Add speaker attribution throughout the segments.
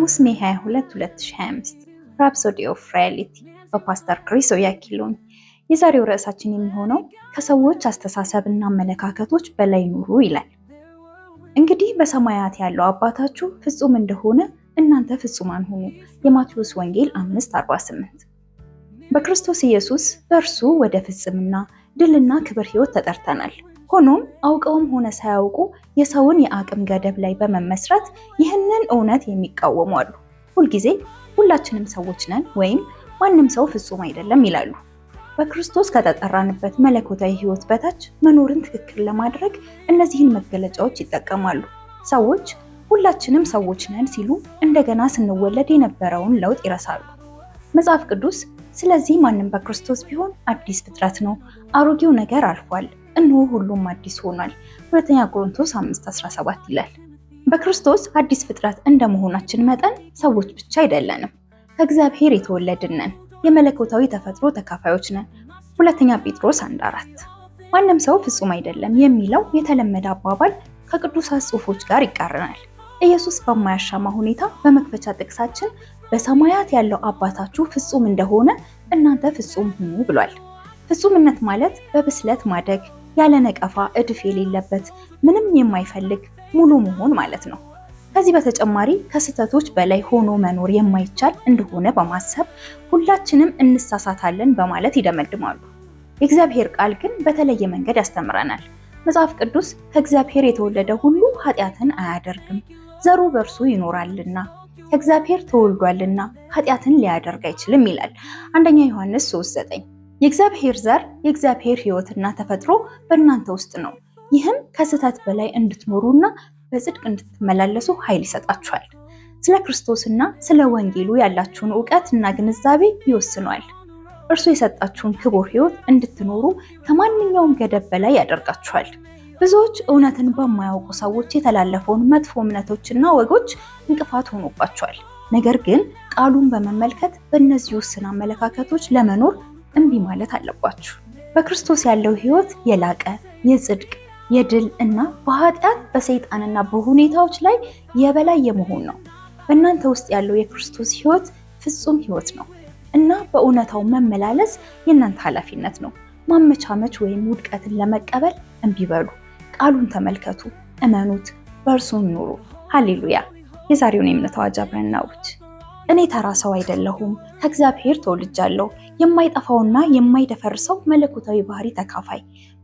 Speaker 1: ሐሙስ ሜ 22 2025 ራፕሶዲ ኦፍ ሪያሊቲ በፓስተር ክሪስ ያኪሎን። የዛሬው ርዕሳችን የሚሆነው ከሰዎች አስተሳሰብና አመለካከቶች በላይ ኑሩ ይላል። እንግዲህ በሰማያት ያለው አባታችሁ ፍጹም እንደሆነ እናንተ ፍጹማን ሁኑ። የማቴዎስ ወንጌል 5:48 በክርስቶስ ኢየሱስ በእርሱ ወደ ፍጽምና ድልና ክብር ሕይወት ተጠርተናል። ሆኖም አውቀውም ሆነ ሳያውቁ የሰውን የአቅም ገደብ ላይ በመመስረት ይህንን እውነት የሚቃወሙ አሉ። ሁልጊዜ ሁላችንም ሰዎች ነን ወይም ማንም ሰው ፍጹም አይደለም ይላሉ። በክርስቶስ ከተጠራንበት መለኮታዊ ሕይወት በታች መኖርን ትክክል ለማድረግ እነዚህን መገለጫዎች ይጠቀማሉ። ሰዎች ሁላችንም ሰዎች ነን ሲሉ እንደገና ስንወለድ የነበረውን ለውጥ ይረሳሉ። መጽሐፍ ቅዱስ ስለዚህ ማንም በክርስቶስ ቢሆን አዲስ ፍጥረት ነው፣ አሮጌው ነገር አልፏል እነሆ ሁሉም አዲስ ሆኗል። ሁለተኛ ቆሮንቶስ 5:17 ይላል። በክርስቶስ አዲስ ፍጥረት እንደመሆናችን መጠን ሰዎች ብቻ አይደለንም፣ ከእግዚአብሔር የተወለድን ነን፣ የመለኮታዊ ተፈጥሮ ተካፋዮች ነን። ሁለተኛ ጴጥሮስ 1:4 ማንም ሰው ፍጹም አይደለም የሚለው የተለመደ አባባል ከቅዱሳት ጽሑፎች ጋር ይቃረናል። ኢየሱስ በማያሻማ ሁኔታ በመክፈቻ ጥቅሳችን በሰማያት ያለው አባታችሁ ፍጹም እንደሆነ እናንተ ፍጹም ሁኑ ብሏል። ፍጹምነት ማለት በብስለት ማደግ፣ ያለ ነቀፋ እድፍ የሌለበት ምንም የማይፈልግ ሙሉ መሆን ማለት ነው። ከዚህ በተጨማሪ ከስህተቶች በላይ ሆኖ መኖር የማይቻል እንደሆነ በማሰብ ሁላችንም እንሳሳታለን በማለት ይደመድማሉ። የእግዚአብሔር ቃል ግን በተለየ መንገድ ያስተምረናል። መጽሐፍ ቅዱስ ከእግዚአብሔር የተወለደ ሁሉ ኃጢአትን አያደርግም፣ ዘሩ በእርሱ ይኖራልና ከእግዚአብሔር ተወልዷልና ኃጢአትን ሊያደርግ አይችልም ይላል አንደኛ ዮሐንስ 3:9 የእግዚአብሔር ዘር የእግዚአብሔር ሕይወትና ተፈጥሮ በእናንተ ውስጥ ነው። ይህም ከስህተት በላይ እንድትኖሩና በጽድቅ እንድትመላለሱ ኃይል ይሰጣችኋል። ስለ ክርስቶስና ስለ ወንጌሉ ያላችሁን እውቀት እና ግንዛቤ ይወስኗል። እርሱ የሰጣችሁን ክቡር ሕይወት እንድትኖሩ ከማንኛውም ገደብ በላይ ያደርጋችኋል። ብዙዎች እውነትን በማያውቁ ሰዎች የተላለፈውን መጥፎ እምነቶችና ወጎች እንቅፋት ሆኖባቸዋል። ነገር ግን ቃሉን በመመልከት በእነዚህ ውስን አመለካከቶች ለመኖር እምቢ ማለት አለባችሁ። በክርስቶስ ያለው ህይወት የላቀ የጽድቅ የድል እና በኃጢአት በሰይጣንና በሁኔታዎች ላይ የበላይ የመሆን ነው። በእናንተ ውስጥ ያለው የክርስቶስ ህይወት ፍጹም ህይወት ነው እና በእውነታው መመላለስ የእናንተ ኃላፊነት ነው። ማመቻመች ወይም ውድቀትን ለመቀበል እምቢ በሉ። ቃሉን ተመልከቱ፣ እመኑት፣ በእርሱም ኑሩ። ሃሌሉያ! የዛሬውን የእምነት አዋጅ አብረን እናውጅ። እኔ ተራ ሰው አይደለሁም፣ ከእግዚአብሔር ተወልጃለሁ፣ የማይጠፋውና የማይደፈርሰው መለኮታዊ ባህሪ ተካፋይ፣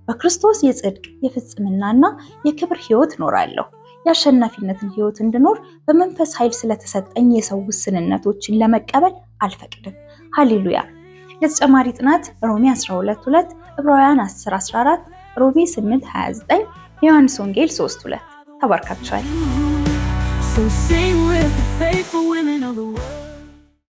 Speaker 1: በክርስቶስ የጽድቅ የፍጽምናና የክብር ህይወት ኖራለሁ። የአሸናፊነትን ህይወት እንድኖር በመንፈስ ኃይል ስለተሰጠኝ የሰው ውስንነቶችን ለመቀበል አልፈቅድም። ሃሌሉያ። ለተጨማሪ ጥናት ሮሜ 12:2፣ ዕብራውያን 10:14፣ ሮሜ 8:29፣ የዮሐንስ ወንጌል 3:2 ተባርካችኋል።